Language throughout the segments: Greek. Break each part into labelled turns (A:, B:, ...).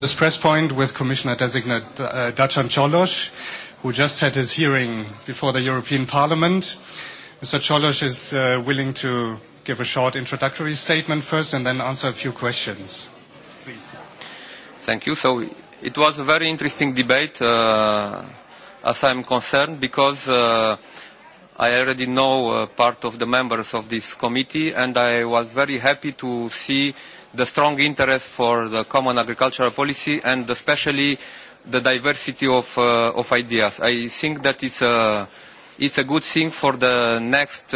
A: This press point with Commissioner designate uh, Dacian Cholos, who just had his hearing before the European Parliament. Mr. Cholos is uh, willing to give a short introductory statement first and then answer a few questions. Please. Thank you. So it was a very interesting debate uh, as I'm concerned because uh, I already know part of the members of this committee, and I was very happy to see the strong interest for the common agricultural policy and especially the diversity of ideas. I think that it's a it's a good thing for the next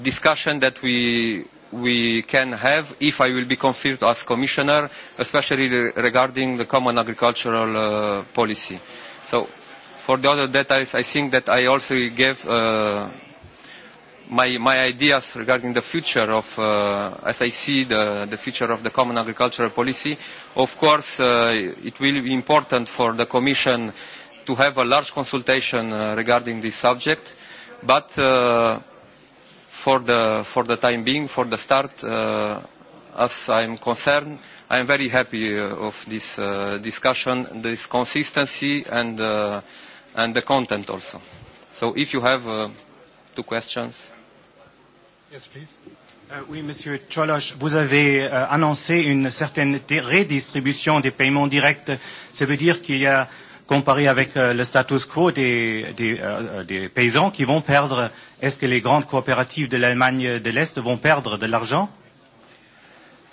A: discussion that we we can have if I will be confirmed as Commissioner, especially regarding the common agricultural policy. So For the other details, I think that I also gave my my ideas regarding the future of, as I see the the future of the common agricultural policy. Of course, it will be important for the Commission to have a large consultation regarding this subject, but for the for the time being, for the start, as I am concerned, I am very happy of this discussion, this consistency and and the content also. So if you have two questions. Yes, please. Oui, Monsieur Cholosh, vous avez annoncé une certaine redistribution des paiements directs. Ça veut dire qu'il y a, comparé avec le status quo des paysans, qui vont perdre. Est-ce que les grandes coopératives de l'Allemagne de l'Est vont perdre de l'argent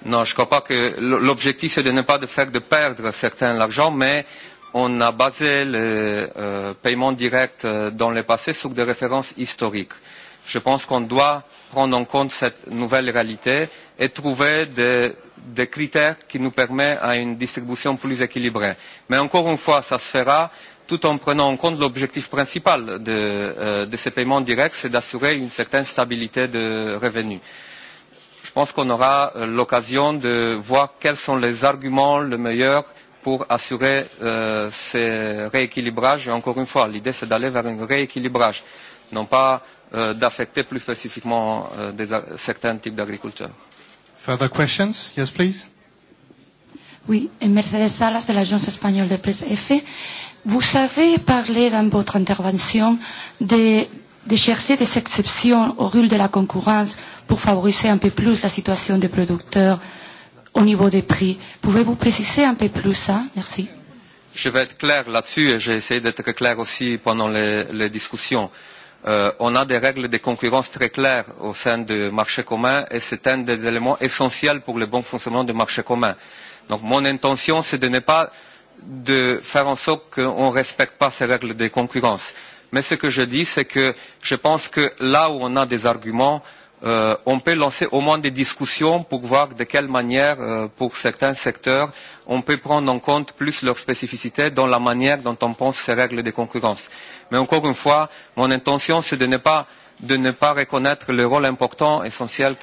A: Non, je ne crois pas que l'objectif, c'est de ne pas de faire de perdre certains l'argent, mais on a basé le paiement direct dans le passé sur des références historiques. Je pense qu'on doit prendre en compte cette nouvelle réalité et trouver des critères qui nous permettent à une distribution plus équilibrée. Mais encore une fois, ça se fera tout en prenant en compte l'objectif principal de ces paiements directs, c'est d'assurer une certaine stabilité de revenus. Je pense qu'on aura l'occasion de voir quels sont les arguments les meilleurs pour assurer ce rééquilibrage. Et encore une fois, l'idée, c'est d'aller vers un rééquilibrage, non pas d'affecter plus spécifiquement certains types d'agriculteurs. Further questions? Yes, please. Oui, Mercedes Salas de l'Agence espagnole de presse F. Vous avez parlé dans votre intervention de de chercher des exceptions au rôle de la concurrence pour favoriser un peu plus la situation des producteurs au niveau des prix. Pouvez-vous préciser un peu plus ça Merci. Je vais être clair là-dessus et j'ai essayé d'être clair aussi pendant les discussions. On a des règles de concurrence très claires au sein du marché commun et c'est un des éléments essentiels pour le bon fonctionnement du marché commun. Donc mon intention, c'est de ne pas de faire en sorte qu'on ne respecte pas ces règles de concurrence. Mais ce que je dis, c'est que je pense que là où on a des arguments, on peut lancer au moins des discussions pour voir de quelle manière, pour certains secteurs, on peut prendre en compte plus leurs spécificités dans la manière dont on pense ces règles de concurrence. Mais encore une fois, mon intention, c'est de pas de ne pas reconnaître le rôle important, essentiel